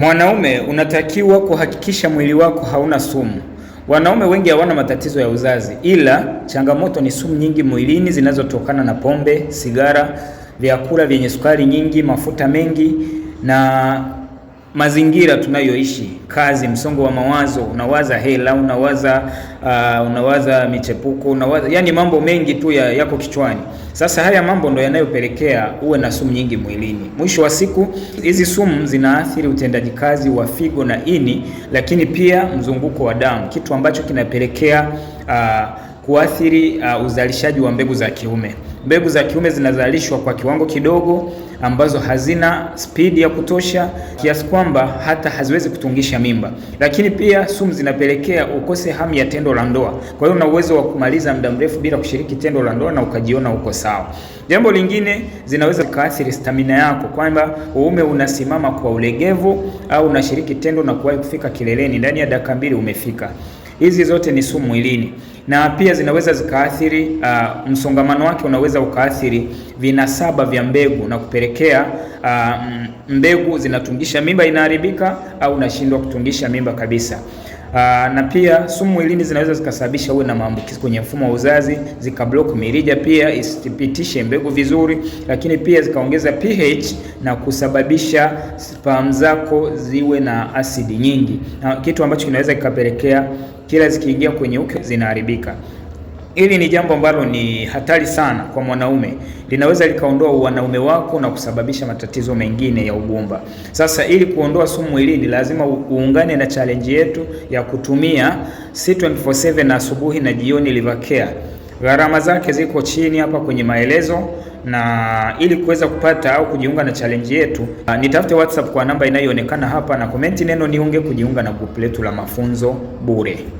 Mwanaume unatakiwa kuhakikisha mwili wako hauna sumu. Wanaume wengi hawana matatizo ya uzazi, ila changamoto ni sumu nyingi mwilini zinazotokana na pombe, sigara, vyakula vyenye sukari nyingi, mafuta mengi na mazingira tunayoishi, kazi, msongo wa mawazo, unawaza hela, unawaza uh, unawaza michepuko, unawaza yani mambo mengi tu ya, yako kichwani. Sasa haya mambo ndo yanayopelekea uwe na sumu nyingi mwilini. Mwisho wa siku, hizi sumu zinaathiri utendaji kazi wa figo na ini, lakini pia mzunguko wa damu, kitu ambacho kinapelekea uh, kuathiri uh, uzalishaji wa mbegu za kiume. Mbegu za kiume zinazalishwa kwa kiwango kidogo, ambazo hazina spidi ya kutosha, kiasi kwamba hata haziwezi kutungisha mimba. Lakini pia sumu zinapelekea ukose hamu ya tendo la ndoa, kwa hiyo una uwezo wa kumaliza muda mrefu bila kushiriki tendo la ndoa na ukajiona uko sawa. Jambo lingine, zinaweza kuathiri stamina yako, kwamba uume unasimama kwa ulegevu, au unashiriki tendo na kuwahi kufika kileleni ndani ya dakika mbili umefika Hizi zote ni sumu mwilini na pia zinaweza zikaathiri uh, msongamano wake unaweza ukaathiri vinasaba vya mbegu na kupelekea uh, mbegu zinatungisha mimba inaharibika au unashindwa kutungisha mimba kabisa. Aa, ah, na pia sumu mwilini zinaweza zikasababisha uwe na maambukizi kwenye mfumo wa uzazi, zikablock mirija pia isipitishe mbegu vizuri, lakini pia zikaongeza pH na kusababisha sperm zako ziwe na asidi nyingi, na kitu ambacho kinaweza kikapelekea kila zikiingia kwenye uke zinaharibika. Hili ni jambo ambalo ni hatari sana kwa mwanaume, linaweza likaondoa wanaume wako na kusababisha matatizo mengine ya ugumba. Sasa ili kuondoa sumu mwilini, lazima uungane na challenge yetu ya kutumia C24/7 na asubuhi na jioni Liver Care. Gharama zake ziko chini hapa kwenye maelezo, na ili kuweza kupata au kujiunga na challenge yetu, ah, nitafute WhatsApp kwa namba inayoonekana hapa na komenti neno niunge kujiunga na grupu letu la mafunzo bure.